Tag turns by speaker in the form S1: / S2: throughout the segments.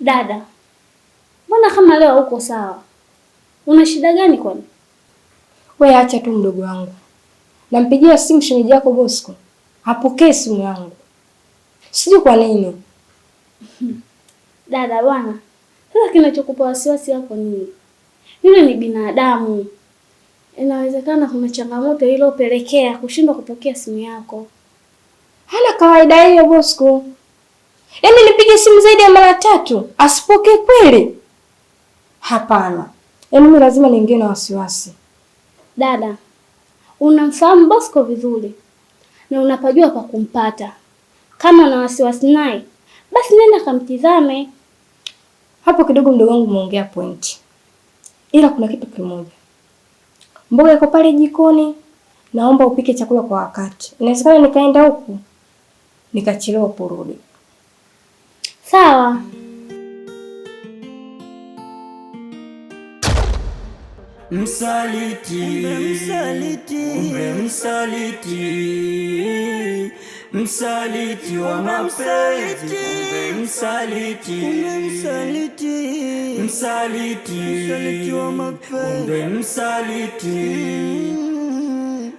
S1: Dada, mbona kama leo uko sawa? Una shida gani kwani?
S2: We acha tu mdogo wangu, nampigia simu shemeji yako Bosco, hapokee simu yangu, sijui kwa nini.
S1: Dada bwana, sasa kinachokupa wasiwasi hapo nini? Yule ni binadamu, inawezekana kuna changamoto iliyopelekea kushindwa kupokea simu yako.
S2: Hana kawaida hiyo Bosco. Yaani nipige simu zaidi ya mara tatu asipokee kweli? Hapana, yaani mimi lazima niingie na wasiwasi.
S1: Dada, unamfahamu Bosco vizuri na unapajua kwa kumpata. Kama na wasiwasi naye, basi nenda kamtizame.
S2: Hapo kidogo mdogo wangu umeongea pointi, ila kuna kitu kimoja. Mboga iko pale jikoni, naomba upike chakula kwa wakati. Inawezekana nikaenda huku nikachelewa kurudi.
S1: Sawa. Msaliti, msaliti, msaliti, msaliti wa mapenzi, msaliti, msaliti,
S2: mm. msaliti, msaliti wa mapenzi, msaliti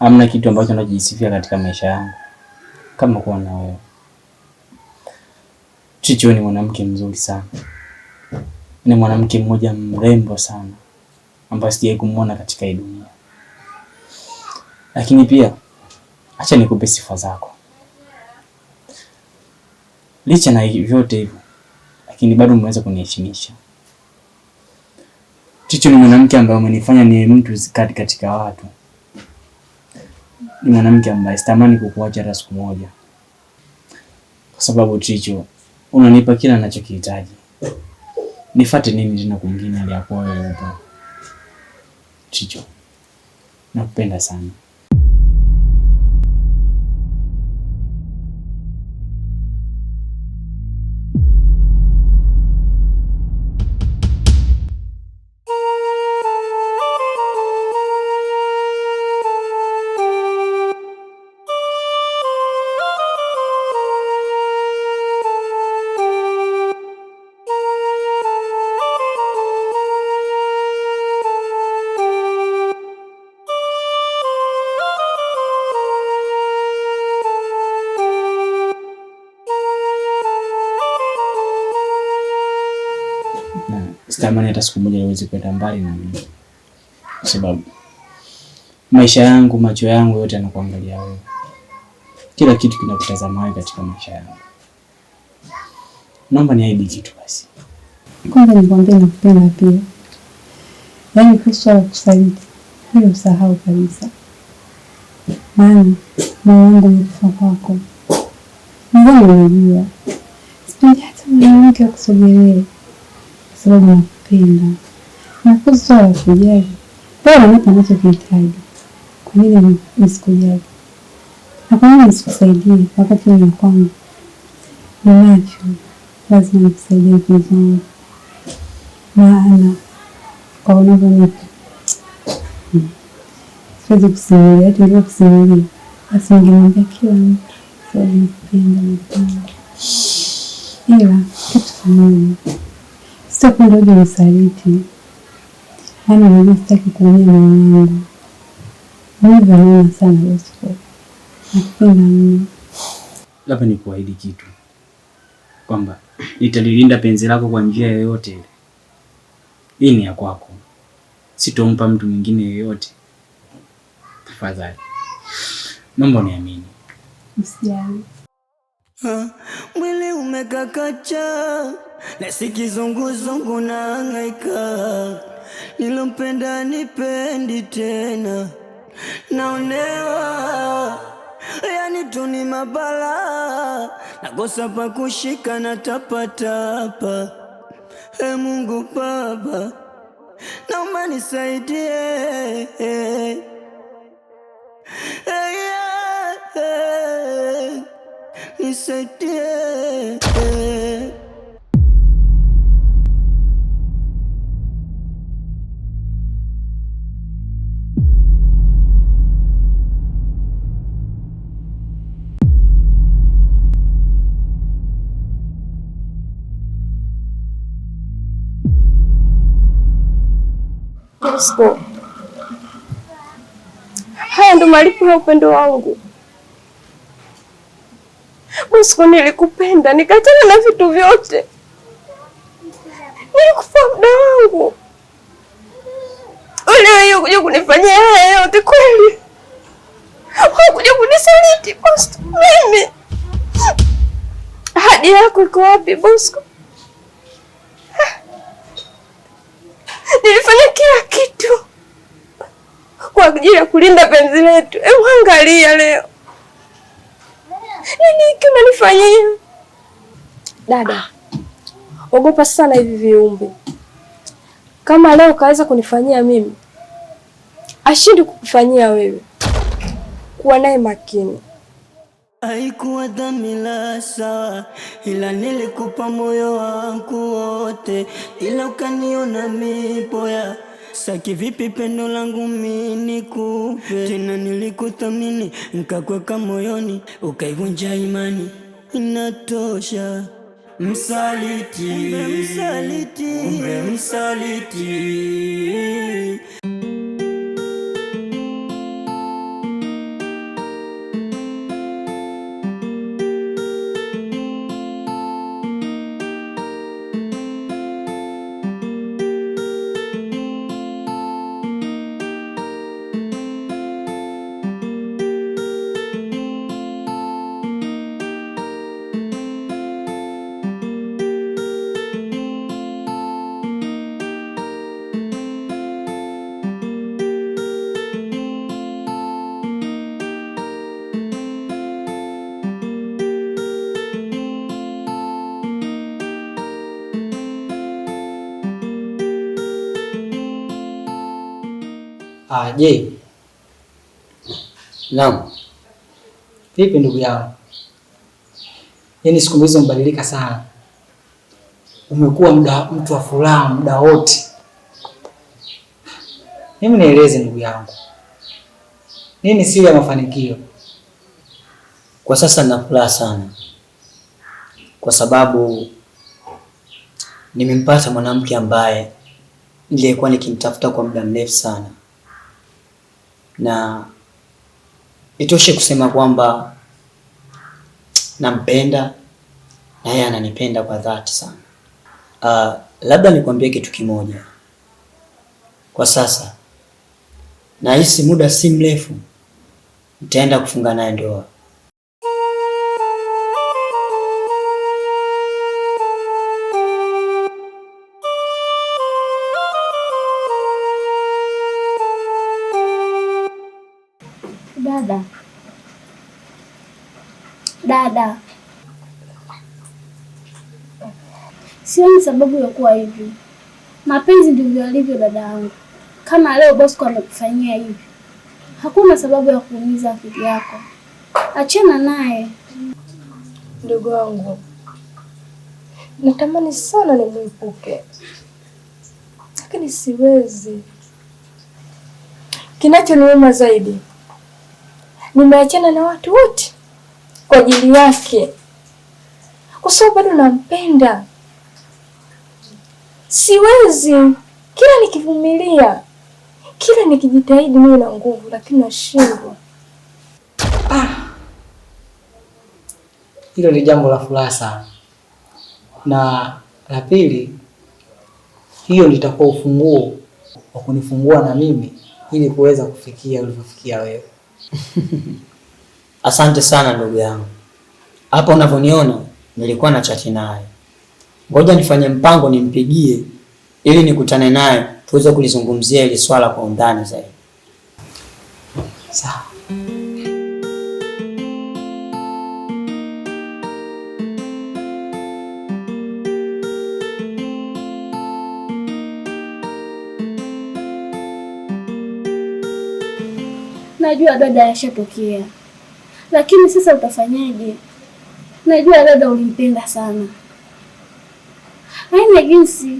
S3: Hamna kitu ambacho najisifia katika maisha yangu kama kuwa na wewe. Chicho ni mwanamke mzuri sana, ni mwanamke mmoja mrembo sana ambaye sijawahi kumwona katika hii dunia. Lakini pia acha nikupe sifa zako. Licha na vyote hivyo, lakini bado umeweza kuniheshimisha. Chicho ni mwanamke ambaye amenifanya niwe mtu katika watu ni mwanamke ambaye sitamani kukuacha hata siku moja, kwa sababu Tricho, unanipa kila ninachokihitaji. Nifate nini tena kwingine aliyakuwa wewe? Tricho, nakupenda sana. sitamani hata siku moja niweze kwenda mbali na mimi, kwa sababu maisha yangu, macho yangu yote yanakuangalia wewe, kila kitu kinakutazama wewe katika maisha yangu. Naomba niahidi kitu basi.
S2: Kwanza nikwambie nakupenda pia, yaani kuswala kusaidi hiyo usahau kabisa, maana moyo wangu umekufa kwako. Najua sipendi hata mwanamke akusogelee, kwa sababu kupenda nakuzi swala la kujali pale nipo anachokihitaji. Kwa nini nisikujali na kwa nini nisikusaidie wakati na kwamba ninacho lazima nikusaidie mpenzi wangu, maana kwa unavyonipa siwezi kusimulia, hata ndio kusimulia basi ningemwambia kila mtu kwa nakupenda, ila kitu kimoja Sitapenda uje nisaliti, maana najua sitaki kuumia moyo wangu. Mwivi sana Bosco, nakupenda mno.
S3: Labda nikuahidi kitu kwamba nitalilinda penzi lako kwa njia yoyote ile. Hii ni ya kwako, sitompa mtu mwingine yoyote. Tafadhali naomba niamini.
S2: Usijali. Mwili umekakacha na si kizunguzungu na angaika, nilompenda nipendi tena, naonewa yani tuni mabala, nakosa pa kushika na tapatapa. E Mungu Baba, naomba nisaidie hey,
S4: yeah, hey, nisaidie primary school. Haya ndo malipo ya upendo wangu Bosco. Nilikupenda nikachana na vitu vyote, nilikupa muda wangu. Leo kuja kunifanyia haya yote kweli? wakuja kunisaliti Bosco, mimi hadi yako iko wapi Bosco? Nilifanya kila kitu kwa ajili ya kulinda penzi letu. Hebu angalia leo nini hiki unanifanyia
S1: dada? Ogopa sana hivi viumbe. Kama leo kaweza kunifanyia mimi, ashindi kukufanyia wewe. Kuwa naye makini. Haikuwa dhamira sawa, ila nilikupa moyo wangu wote, ila ukaniona mipoya Saki vipi pendo langu mini kupe tena, nilikuthamini nkakweka moyoni, ukaivunja imani, inatosha. Msaliti, msaliti, msaliti.
S3: Je, naam, vipi ndugu yao? Yaani siku hizi umebadilika sana, umekuwa mda mtu wa furaha muda wote. Mimi nieleze ndugu yangu, nini siri ya mafanikio? Kwa sasa nina furaha sana kwa sababu nimempata mwanamke ambaye nilikuwa nikimtafuta kwa muda mrefu sana na itoshe kusema kwamba nampenda na yeye ananipenda kwa dhati sana. Uh, labda nikwambie kitu kimoja kwa sasa, nahisi muda si mrefu nitaenda kufunga naye ndoa.
S1: dada, sioni sababu ya kuwa hivi. Mapenzi ndivyo yalivyo, dada yangu. Kama leo Bosco amekufanyia hivi, hakuna sababu ya kuumiza akili yako. Achana naye,
S2: ndugu wangu. Natamani sana nimwipuke, lakini siwezi. Kinachoniuma zaidi, nimeachana na watu wote kwa ajili yake, kwa sababu bado nampenda. Siwezi, kila nikivumilia, kila nikijitahidi, niwe na nguvu, lakini nashindwa. Ah.
S3: Hilo ni jambo la furaha sana, na la pili, hiyo nitakuwa ufunguo wa kunifungua na mimi ili kuweza kufikia ulivyofikia wewe. Asante sana ndugu yangu. hapo unavyoniona nilikuwa na chati naye. Ngoja nifanye mpango nimpigie ili nikutane naye tuweze kulizungumzia hili swala kwa undani zaidi. Sawa.
S1: Najua dada yashapokea lakini sasa utafanyaje? Najua dada ulimpenda sana, haina jinsi,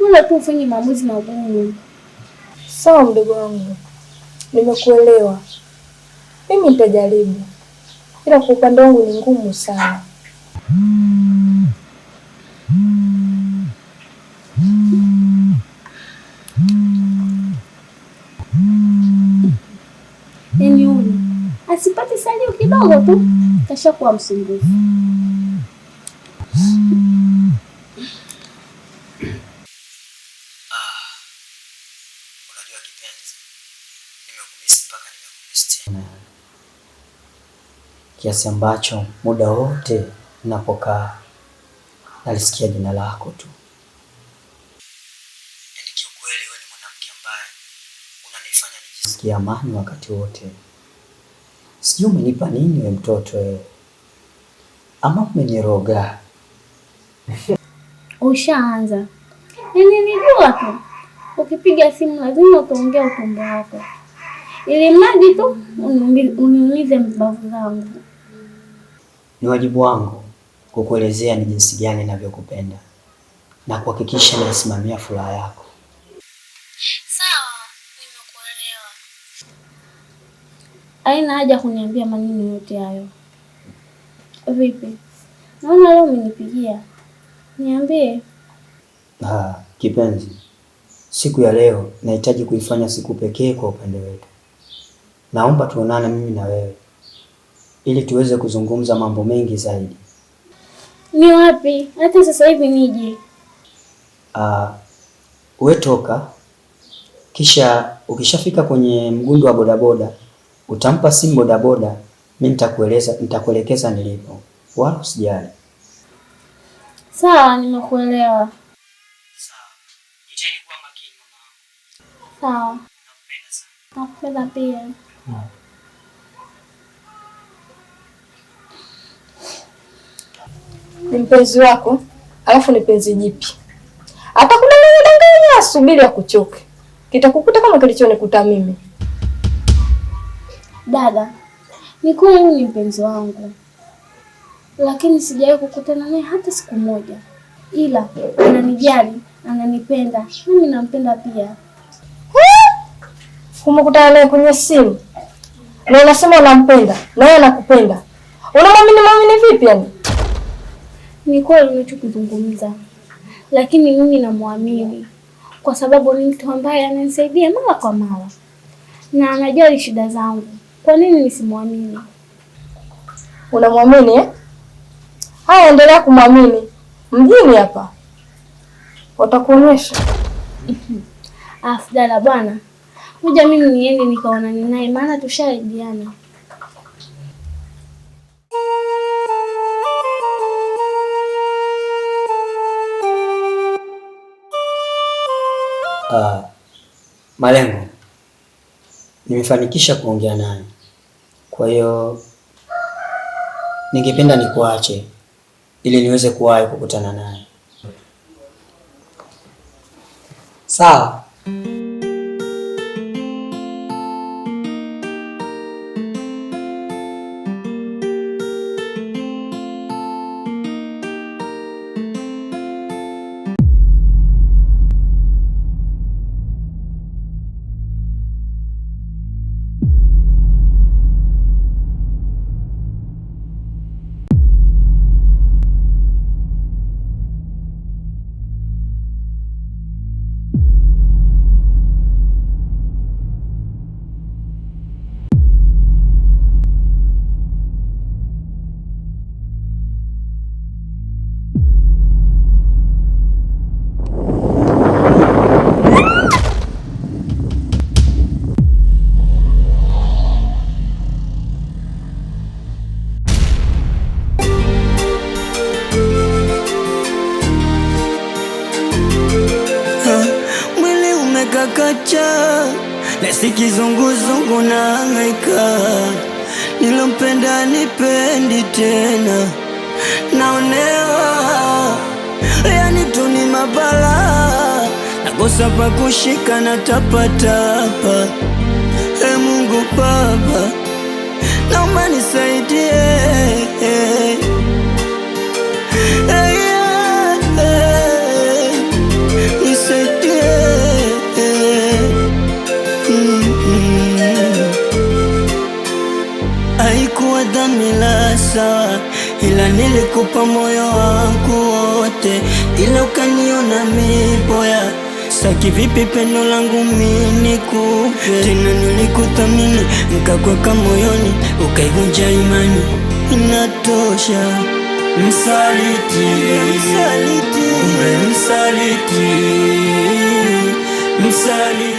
S1: wala tu ufanye maamuzi magumu.
S2: Sawa mdogo wangu, nimekuelewa. Mimi nitajaribu, ila kwa upande wangu ni ngumu sana.
S1: salio kidogo tu kashakuwa msumbufu.
S3: kiasi ambacho muda wote napokaa nalisikia jina lako tu. Yaani kiukweli wewe ni mwanamke ambaye unanifanya nijisikie amani wakati wote. Sijui umenipa nini we mtoto wewe, ama umenyeroga
S1: Ushaanza nilijua tu, ukipiga simu lazima utaongea utumbo wako, ili mradi tu uniumize mbavu zangu.
S3: Ni wajibu wangu kukuelezea ni jinsi gani navyokupenda na kuhakikisha naisimamia furaha yako.
S1: Haina haja kuniambia maneno yote hayo. Vipi, naona leo umenipigia, niambie.
S3: Ah, kipenzi, siku ya leo nahitaji kuifanya siku pekee kwa upande wetu. Naomba tuonane mimi na wewe ili tuweze kuzungumza mambo mengi zaidi.
S1: Ni wapi? Hata sasa hivi nije?
S3: Ah, we toka, kisha ukishafika kwenye mgundo wa bodaboda utampa simu bodaboda, mimi nitakueleza, nitakuelekeza nilipo, wala usijali.
S1: Sawa, nimekuelewa.
S3: Sawa, makini
S1: Sawa, nakupenda pia.
S2: Ni mpenzi wako alafu ni penzi jipi? Hata kuna mwenye danganya, asubiri akuchoke, kitakukuta kama kilichonikuta mimi.
S1: Dada, ni kweli huyu ni mpenzi wangu, lakini sijawahi kukutana naye hata siku moja, ila ananijali, ananipenda, mimi nampenda pia.
S2: Umekutana naye kwenye simu na unasema unampenda na yeye anakupenda, unamwamini mwamini vipi? Yani
S1: ni kweli unachokizungumza, lakini mimi namwamini kwa sababu ni mtu ambaye ananisaidia mara kwa mara na anajali shida zangu. Kwa nini nisimwamini?
S2: Unamwamini eh? Haya, endelea kumwamini. Mjini hapa watakuonyesha.
S1: afdala ah, bwana, kuja mimi niende nikaonane naye, maana tushaidiana.
S3: Uh, ah, Malengo, nimefanikisha kuongea naye kwa hiyo ningependa nikuache ili niweze kuwahi kukutana naye. Sawa. kacha na sikizunguzungu na angaika, nilompenda nipendi tena, naonewa yani tuni mabala, nakosa pa kushika na tapatapa. E Mungu Baba, naomba nisaidie hey. nilikupa moyo wangu wote, ila ukaniona mipoya. Saki vipi pendo langu mini kupe tena, nilikuthamini nikakweka moyoni, ukaivunja imani, inatosha. Msaliti, msaliti, msaliti, msaliti.